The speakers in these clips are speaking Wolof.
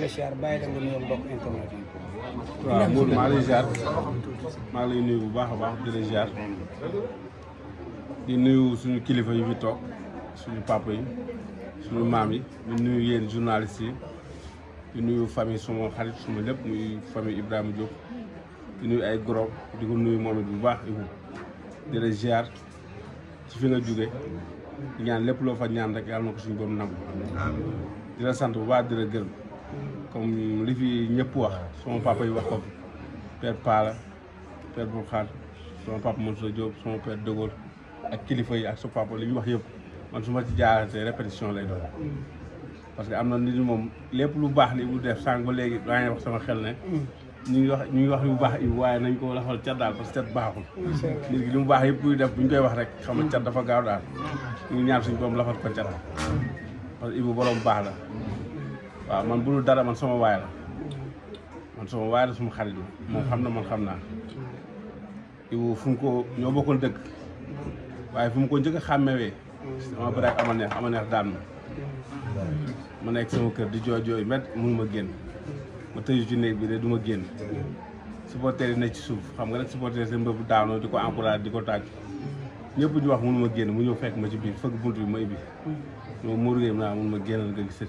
la siyaar bàyyi la nga nuyoo mbokk internet yi. nuyu bu baax a baax di la di nuyu suñu kilifa yi fi toog suñu papa yi suñu maam yi di nuyu yéen journalistes yi di nuyu famille suma xarit suma lépp muy famille Ibrahima Diop di nuyu ay gorob di ko nuyu moom it bu baax Ibou di la ziar ci fi nga jóge ñaan lépp loo fa ñaan rek yàlla na ko suñu borom nangu di sant bu baax di la gërëm. comme li fi ñëpp wax sama papa yi wax ko père Pala père Bourkhane sama papa Moussa Diop sama père De Gaulle ak kilifa yi ak sa papa li ñu wax yëpp man su ma ci jaaree répétition lay doon. parce que am na nit moom lépp lu baax li bu def sànq ba léegi daa wax sama xel ne. ñu ngi wax ñu ngi wax lu baax yi waaye nañ ko lafal cat daal parce que baaxul. nit ki mu baax yëpp buy def bu ñu koy wax rek xam nga cat dafa gaaw daal ñu ñaan suñu boom lafal ko cat parce que Ibou baax la. waaw man bu dul dara man sama waay la man sama waay la suma xarit la moom xam na man xam naa Ibou fu mu ko ñoo bokkoon dëkk waaye fu mu ko njëkk a xàmmewee dama bëri ak ama neex ama neex daan ma ma nekk sama kër di jooy jooy met mënu ma génn ma tëju ci néeg bi de du ma génn supporter yi nekk ci suuf xam nga rek supporter seen mbëb daanoo di ko encourage di ko tàcc ñëpp ñu wax mënu ma génn mu ñëw fekk ma ci biir fëgg bunt bi ma ibbi ñoo muur géey naa ma génnal nga gis sa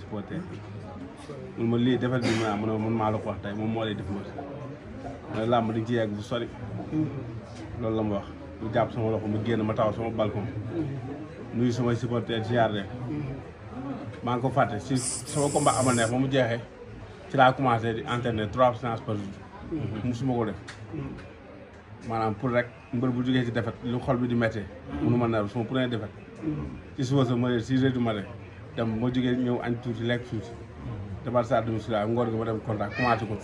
mun ma lii defal bi ma mun mun maa la ko wax tey moom moo lay def ma mooy làmb di bu sori loolu la ma wax mu jàpp sama loxo mu génn ma taw sama balcon nuyu samay supporter ci maa ngi ko fàtte si sama combat ama neex ba mu jeexee ci laa commencé di entraîner trois séances par jour musuma ko def maanaam pour rek mbër bu jugee ci defet lu xol bi di méttee munu ma nar sama premier defet ci suba sa ma réer six heures du matin dem ma jógee ñëw añ tuuti lekk tuuti démarche à domicile waaye ngoon gi ma dem contrat commencé ko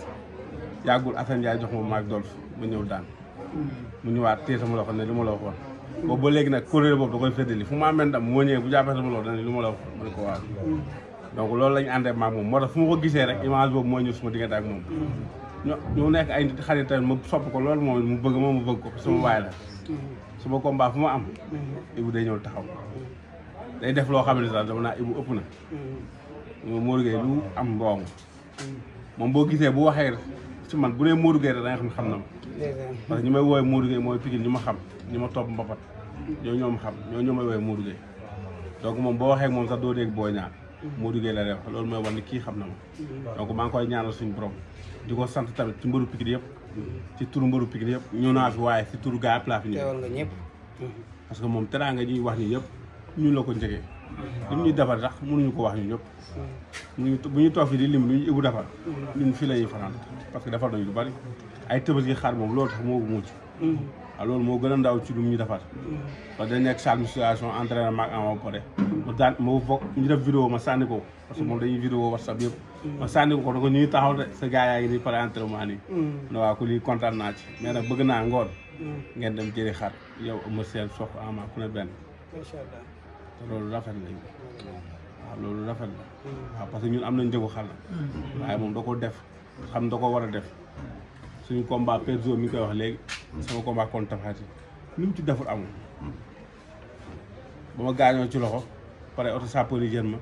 yàggul Assane Ndiaye jox ma maag Dolph ma ñëw daan hmm. mu ñëwaat téye sama loxo ne li ma la waxoon hmm. boobu ba léegi nag kuréel boobu da koy féddali fu ma amee moo ñëwee bu jàppee sama hmm. loolu lañu àndee maag moo ma ko gisee rek image boobu mooy ñëw suma diggante ak moom nekk ay nit xarit tamit ma sopp ko loolu moom mu bëgg moom mu bëgg ko sama waay la ma combat fu ma am Ibou day ñëw taxaw day def loo xam ne sax dama naa Ibou ëpp na Modou Gueye lu am mboom moom boo gisee bu waxee ci man bu nee Modou Gueye la nga xam ne xam na ma parce que ñi may woowee Modou Gueye mooy Pikine ñi ma xam ñi ma topp mbapat ñoo ñoo ma xam ñoo ñoo may woowee Modou Gueye moom boo waxee moom sax doo dégg booy ñaar Modou Gueye la lay wax loolu mooy kii xam na ma maa ngi koy ñaanal suñu borom di ko sant tamit ci mbaru Pikine yëpp ci turu mbëru Pikine yépp ñëw naa fi waaye ci turu gaa yëpp laa fi ñëw parce que moom teraanga ñuy wax nii yëpp ñun la ko njëgee lim ñuy defar sax mënuñu ko wax ñun ñëpp hmm. ñu bu ñu toog fii di lim lu ñu ibu defar hmm. ñun fii la fanaan parce que defar nañu lu bari ay tëbaski xar moom loolu tax moo mucc hmm. waaw loolu moo gën a ndaw ci lu mu ñu defar parce nekk salle musculation entraînement ak ama ba pare ma daan ma foog ñu def vidéo ma sànni ko parce que moom dañuy vidéo whatsapp yëpp ma ko da ko ñu taxaw de sa yaa ngi nii pare entraînement nii na waa ko lii kontaan naa ci nag bëgg naa ngoon ngeen dem jëri xar yow ama seen sox ama ku ne benn te loolu rafet nañ waaw loolu rafet na parce que ñun am nañ njëgu xàll waaye moom da ko def xam da ko war a def suñu combat perso mi ngi koy wax léegi sama combat kon tafaati ni mu ci deful amul ba ma gaañoo ci loxo pare oto sapeur yi jën ma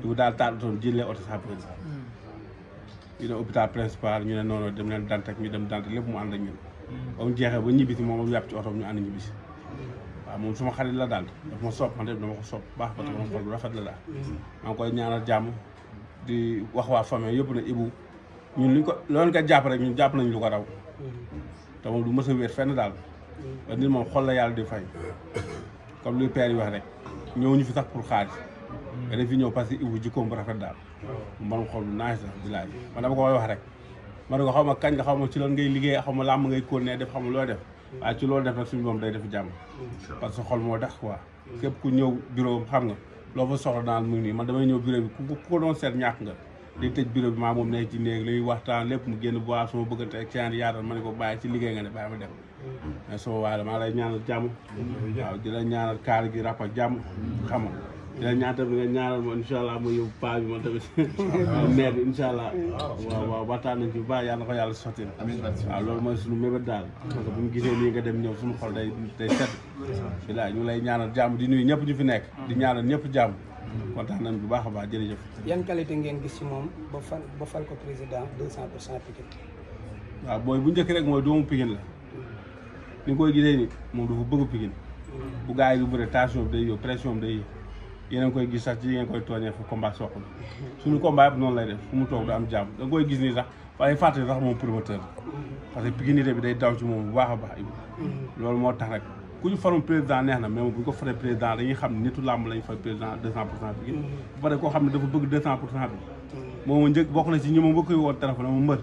du daal taal otoon jëlee oto sapeur yi ñu ne hôpital principal ñu ne noonu dem leen dantak ñu dem dantak lépp mu ànd ak ñun ba mu jeexee ba ñibbisi moom ba yàpp ci otoom ñu ànd ñibbisi waaw moom suma xarit la daal daf ma sopp man de dama ko sopp baax ba tax ma la daal mm-hmm. koy ñaanal jàmm di wax yëpp ne Ibou ñun luñ ko loolu nga jàpp rek ñun jàpp nañu lu ko raw mm-hmm. te moom du mës a wéet daal mm-hmm. ba nit moom xol yàlla di fay comme luy père yi wax rek ñëw ñu fi sax pour xaalis nga def fi ñëw parce que Ibou jikkoom bu rafet daal oh. man xol bu naaj sax di laaj man ko koy wax rek ma ne ko xaw ma kañ nga xaw ma ci loolu ngay liggéey xaw ma làmb ngay kóol ne def xaw ma loo def waaye ci loolu def nag suñu moom day def jàmm parce que xol moo tax quoi mm. képp ku ñëw bureau xam nga loo fa soxla daal mu ngi nii man damay ñëw bureau bi ku ko doon seet ñàkk nga di tëj bureau bi maa moom nekk ci néeg lañuy waxtaan lépp mu génn bois suma bëggante ak ceen yaatal ma ne ko bàyyi ci liggéey nga ne bàyyi ma dem mm. mais suma waaye maa lay ñaanal jàmm mm. waaw di ñaanal kaar gi ràpp jàmm xam la ñaatal nga ñaaral ma incha allah ma yóbbu paa bi moom tamit. waaw waaw waxtaan baax yàlla ko yàlla sottil. waaw loolu mooy suñu mébét daal. parce que bu ñu gisee nii nga dem ñëw suñu xol day day set. bilaay ñu lay ñaanal jàmm di nuyu ñëpp ñu fi nekk. di ñaanal ñëpp jàmm. kontaan nañ bu baax a baax jërëjëf. yan qualité ngeen gis ci moom ba fal ba fal ko président 200 waaw booy bu njëkk rek mooy doomu Pikine la. ni nga koy gisee ni moom dafa bëgg Pikine. Mm. bu gaa yi lu bëre tension bi day yóbbu pression bi day yóbbu yeneen a koy gis sax ci yéen koy tooñee fu combat soq bi suñu combat noonu lay def fu mu toog du am jàmm da nga koy gis nii sax waaye fàttali sax moom promoteur parce que piginité bi day daw ci moom bu baax baax mm-hmm. loolu moo tax rek ku ñu faroon président neex na mais bu ñu ko faree président dañuy xam ne nitu làmb lañu fay président deux cent pour mm-hmm. dafa bëgg deux cent pour cent bi mm-hmm. moom njëkk bokk na ci ñi ma mbëkk yi woon téléphone mu mbër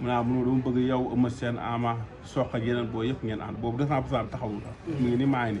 mu naa ah, dama bëgg yow Eumeu Sène Ama Sokh yeneen boo yëpp ngeen ànd boobu deux cent pour cent bi taxawul mu ngi ni maa ngi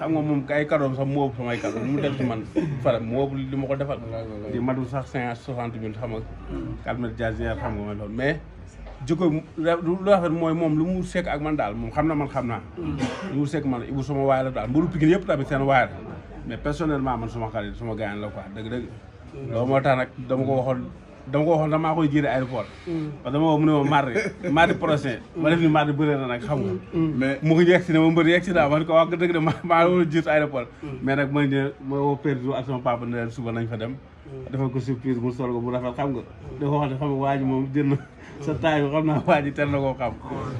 xam nga moom ay kadoom sax moobu samay kadoom mu def ci man faram moobu li ma ko defal ma matul sax cinq cent soixante mille xam nga kalmet mm. jasière xam nga ma loolu mais jikko lu rafet mooy moom lu mu sekk ak man daal moom xam na man xam naa mm. lu mu sekk man Ibou sama waay la daal mbaru Pikine yépp tamit seen waay la mais personnellement man suma xarit suma gayan la quoi dëgg dëgg mm. loolu moo tax nag dama ko waxoon dama ko waxoon mm. ko mu ne ma mardi mardi ma def na nag xam nga. Mm. mais mu ngi yegg si ne ma mbër yegg si naa ma ne ko wax dëgg de ma maa ngi woon jiitu aéroport. Mm. mais nag ma ne ma woo père bi ak sama papa ko xam ne xam nga na koo xam.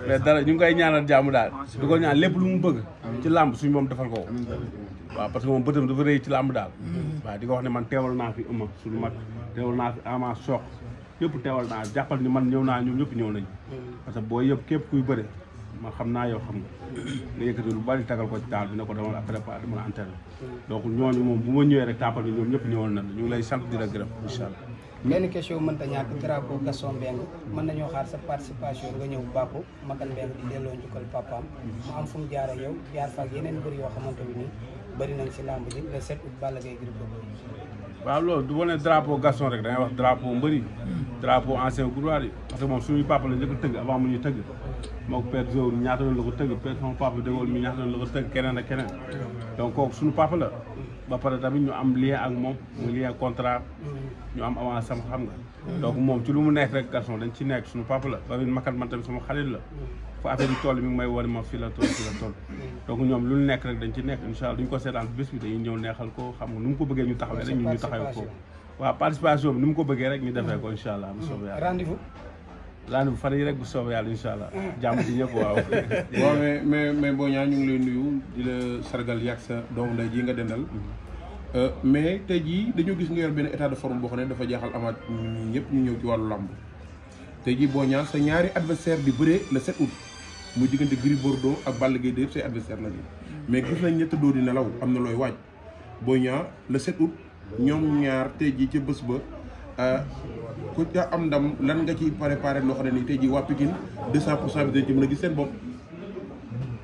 mais dara ñu ngi koy ñaanal jàmm daal. di ko ñaan lépp lu mu bëgg. ci làmb suñu moom defal ko waaw parce que moom bëtam dafa rëy ci làmb daal. waaw di ko wax ne man teewal naa fi ëmma suñu mag teewal naa fi ama soq yëpp teewal naa jàppal ni man ñëw naa ñoom ñëpp ñëw nañ parce que boo yëpp képp kuy bëre ma xam naa yow xam nga nga yëkkati lu bari tagal ko ci taal bi ne ko demal après pas dama la enterré donc ñooñu moom bu ma ñëwee rek tàmpal bi na ñu ngi lay sant di la gërëm incha allah benn question mënta ñàkk drapeau Gaston Mbengue mën nañoo xaar sa participation nga ñëw bàkku Makan Mbengue di delloo njukkal mu am fu jaar ak yow jaar fa yeneen bëri yoo xamante bi nii bëri nañ si làmb ji le 7 août Balla Gaye Gris waaw loolu du wane drapeau Gaston rek da ngay wax drapeau mbëri drapeau ancien couloir yi parce moom suñuy papa la njëkk tëgg avant mu ñu tëgg moo ko père Zow ñaata doon la ko tëgg père sama papa dégool mi ñaata doon la ko tëgg keneen ak keneen donc kooku suñu papa la ba pare tamit ñu am lien ak moom mu lien contrat ñu am avance sama xam nga donc moom ci lu mu nekk rek Gaston dañ ci nekk suñu papa la ba makat man tamit sama xarit la fa affaire yi toll mi ngi may wari ma fi la nekk rek dañ ci nekk incha allah duñ ko seetaan bés bi dañuy ñëw xam nga mu ko bëggee ñu taxawee rek ñu ñu ni mu ko bëggee rek ñu defee ko incha allah bu soobee yàlla rendez-vous rek bu soobee yàlla incha allah ah. jàmm ci ñëpp waaw waaw mais mais ñaa ñu ngi lay nuyu di la sargal yàgg sa doom nday jii nga dendal mm-hmm. euh, mais tey jii dañoo gis nga yor benn état de forme boo xam ne dafa jaaxal amaat ñun ñëpp ñu ñëw ci wàllu làmb tey jii boo ñaan sa ñaari adversaire di bëree la 7 août muy diggante Gris Bordeaux ak Balla Gaye de yëpp say adversaire lañu mais gis nañ ñett doo di nelaw am na looy waaj boo Niang la 7 août ñoom ñaar tey jii ca bés ba euh, ku ca am ndam lan nga ci préparé loo xam ne nii tey jii waa Pikine 200 pour cent bi dañ ci mën a gis seen bopp.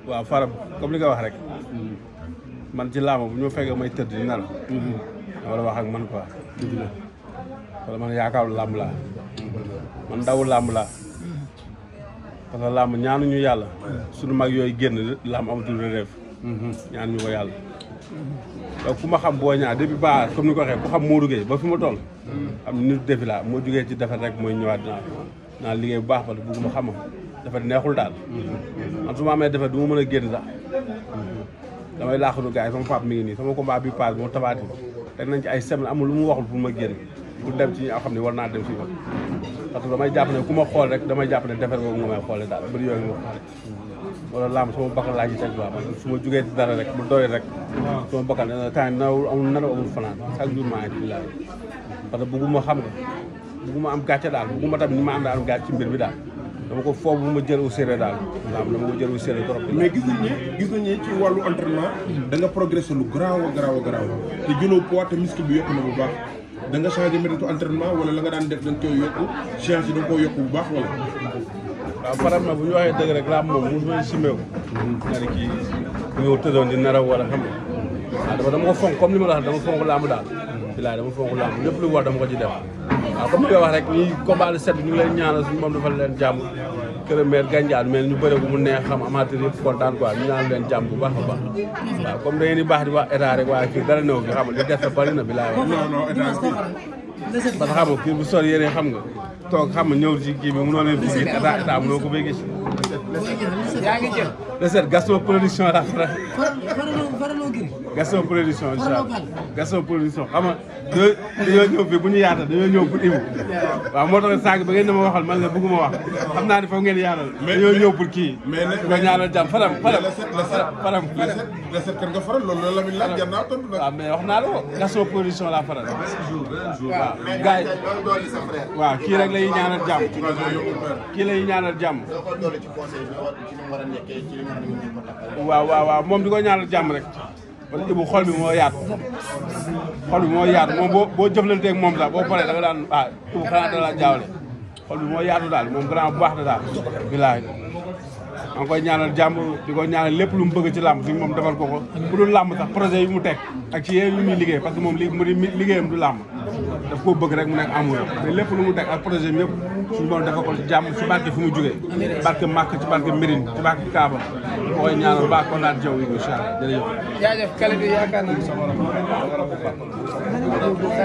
waaw Faram comme li nga wax rek. man ci laamu bu ñu fekkee may tëdd di nal. wala mm-hmm. wax ak man quoi. dëgg la wala man yaakaaru làmb laa. man dawu làmb laa. parce que làmb ñaanuñu yàlla suñu mag yooyu génn làmb amatul relève ñaanuñu ko yàlla donc ku ma xam boo ñaa depuis ba comme ni ko waxee ku xam Modou Gueye ba fi ma doon am nit defi laa moo jógee ci defar rek mooy ñëwaat naa naa liggéey bu baax parce que bugguma xam dafa neexul daal man ma amee defar du ma mën a génn sax damay laaxatu gars yi sama pap mi ngi nii sama ko combat bi paas moo tabaati teg nañ ci ay semaine amul lu mu waxul pour ma génn pour dem ci ñi nga xam ne war naa dem si ñoom parce que damay jàpp ne ku ma xool rek damay jàpp ne defar googu nga may xoole daal bëri yooyu nga xoole wala laam sama bakkan laa ci teg waaw su ma jugee ci dara rek bu doy rek sama bakkan temps yi nawul amul nana amul fanaan chaque jour maa ngi ci laaj parce am gàcce daal bëgguma tamit ni ma am daal am gàcce mbir mi daal dama ko foofu ma jël au sérieux daal laam dama ko jël au sérieux trop mais gis nañ ne gis nañ ne ci wàllu entraînement da nga progressé lu garaaw a garaaw a garaaw te jëloo poids te muscle bi yokk na bu baax da nga changé méthode entraînement wala la nga daan def da nga koy yokku séance yi da nga koo yokku bu baax wala. waaw faram na bu ñu waxee dëgg rek laam moom mosu may simeeku. nga ne kii ñëw tëddoon di naraw wala xam nga. waaw ah, dama dama ko fonk comme li ma la wax dama fonk laamu daal. bilaay dama fonk làmb lépp lu mu wax dama ko ci def waaw comme ni wax rek nii combat le set ñu ngi leen ñaanal suñu moom dafa leen jàmm kër maire Gandiaal mel ñu bëre bu mu neex xam amateur yëpp kontaan quoi ñu ñaan leen jàmm bu baax a baax waaw comme da ngeen di baax di wax état rek waaye fii dara néew gi xam nga li des na bëri na bilaay parce que xam nga kii bu sori yéene xam nga toog xam nga ñëw ci kii bi mënoo leen visite état état mënoo ko bay gis yaa ngi jël le set Gaston production incha allah Gaston production xam bu ñu yaatal dañoo ñëw pour Ibou moo tax sànq ba ngeen ma waxal man la bëgguma wax xam naa ne foog ngeen yaatal. dañoo ñëw pour kii. mais nag nga ñaanal jàmm faram faram. faram la set kan nga faral loolu la Lamine laaj jar naa tontu wax naa la ko Gaston production laa faral. waaw gars yi waaw kii rek lay ñaanal jàmm. kii lay ñaanal jàmm. waaw waaw waaw moom di ko ñaanal jàmm rek. wala Ibou xol bi moo yaat xol moo yaatu moom boo boo jëflanteeg moom sax boo paree da nga daan ah Ibou xanaa da la jaawale xol bi moo yaatu daal moom grand bu baax la daal bilaay maa ngi koy ñaanal jàmm di ko ñaanal lépp lu mu bëgg ci làmb suñ moom defal ko ko bu dul làmb sax projet yi mu teg ak ci yéen yu muy liggéey parce que moom li liggéeyam du làmb daf koo bëgg rek mu nekk amuram mais lépp lu mu teg ak projet bi yëpp suñu borom de ko jàmm ci barke fu mu jógee barke Màkk ci barke Mérine ci barke Kaaba ma koy ñaanal baax ko naat jaww yi incha allah jërëjëf. jaajëf Kalidou yaakaar naa